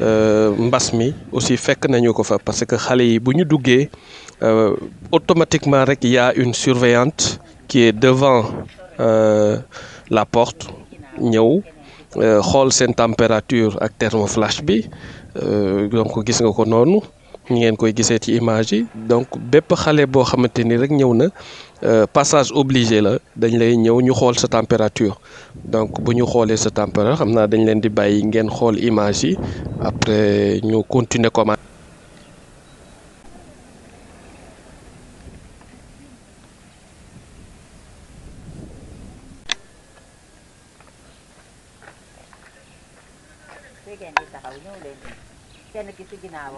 Euh, mbas mi aussi fait nañu ko fa parce que quand yi bu ñu euh, automatiquement il y a une surveillante qui est devant euh, la porte ñëw xool seen température ak thermoflash bi donc gis nga ko ñi ngeen koy gisee ci image yi donc bépp xale boo xamante ni rek ñëw na euh, passage obligé la dañ lay ñëw ñu xool sa température donc bu ñu xoolee sa température xam naa dañ leen di bàyyi ngeen xool image yi après ñu continuer comment.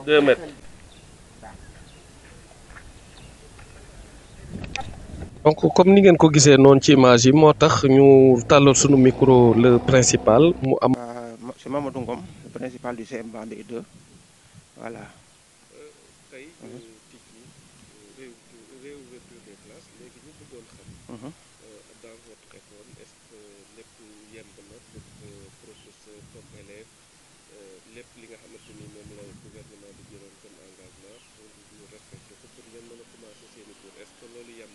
deux mètres donc comme ni ngeen ko gisee noonu ci image yi moo tax ñu tàll suñu micro le principal mu am. c'est Mamadou Ngom le principal du CM voilà. tey réouverture léegi ñu bëggoon lépp li nga xamante ni moom la gouvernement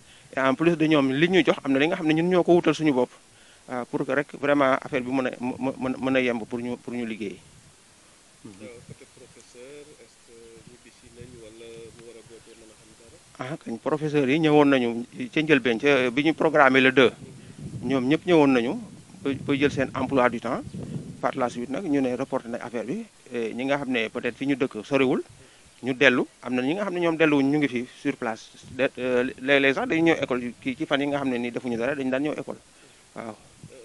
en plus de ñoom li ñu jox am na li nga xam ne ñun ñoo ko wutal suñu bopp euh, pour que rek vraiment affaire bi mën a mën mën a yemb pour ñu pour ñu liggéey. ah yi ñëwoon nañu ca njëlbeen ca bi ñu programmé le 2 ñoom ñëpp ñëwoon nañu ba jël seen emploi du temps par la suite nag ñu ne reporté nañ affaire bi ñi nga xam ne peut-être fi ñu dëkk sorewul ñu déllu am na ñi nga xam ne ñoom dellu ñu ngi fi sur place les, euh, léeg sax dañu ñëw école kii ci fan yi nga xam ne ni defuñu dara dañ daan ñëw école waaw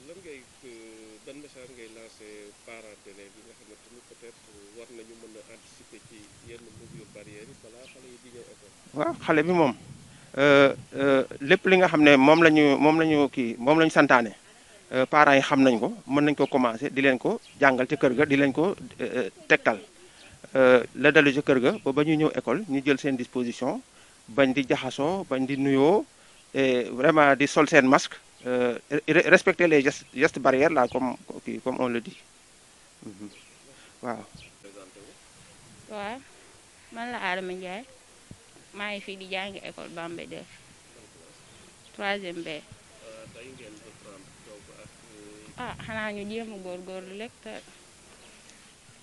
lan ngay euh, ban message ngay lancé parents d'élèves yi nga xam ne tamit peut être war nañu mën a anticiper ci yenn mesures barrières yi balaa xale yi di ñëw école waaw xale bi moom euh, lépp li nga xam ne moom la ñu moom la ñu kii moom la santaane parents yi xam nañ ko mën nañ ko commencer di leen ko jàngal ci kër ga di leen ko tegtal Euh, la dalu ca kër ga ba ba ñëw école ñu jël seen disposition bañ di jaxasoo bañ di nuyo et vraiment di sol seen masque euh, respecter les gestes gestes barrières là comme comme on le dit mhm. waaw. waaw man la Adama Ndiaye maa ngi fii di jàngi école Bambey def troisième B. ah xanaa ñu jéem a góorgóorlu rek te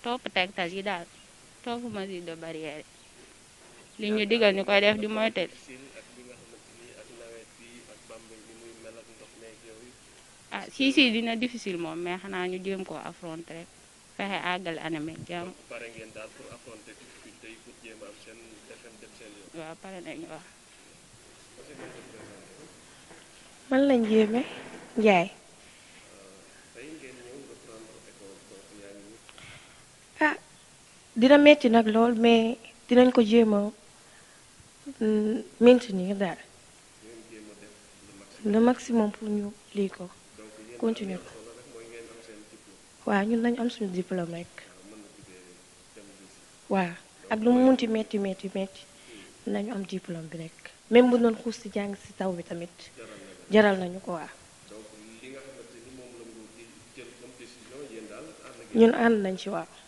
topp tegtal yi daal. tofu tawfuma do barrière li ñu digal ñu koy def di moy tel ah si si dina difficile mom mais xana ñu jëm ko affronter fexé agal anamé jam ak jàmm ngeen daal pour affronter difficulté yi pour jëm am sen defem dem sen yoon wa paré nañu wa man la njéeme njaay dina metti nag lool mais dinañ ko jéema a mm, maintenir daal le maximum pour ñu lii ko continuer ko waaw ñun nañ am suñu diplôme rek waaw ak lu mu munti metti metti metti nañu am diplôme bi rek même bu doon xuus ci jàng si taw bi tamit jaral nañu ko waaw ñun ànd nañ ci waaw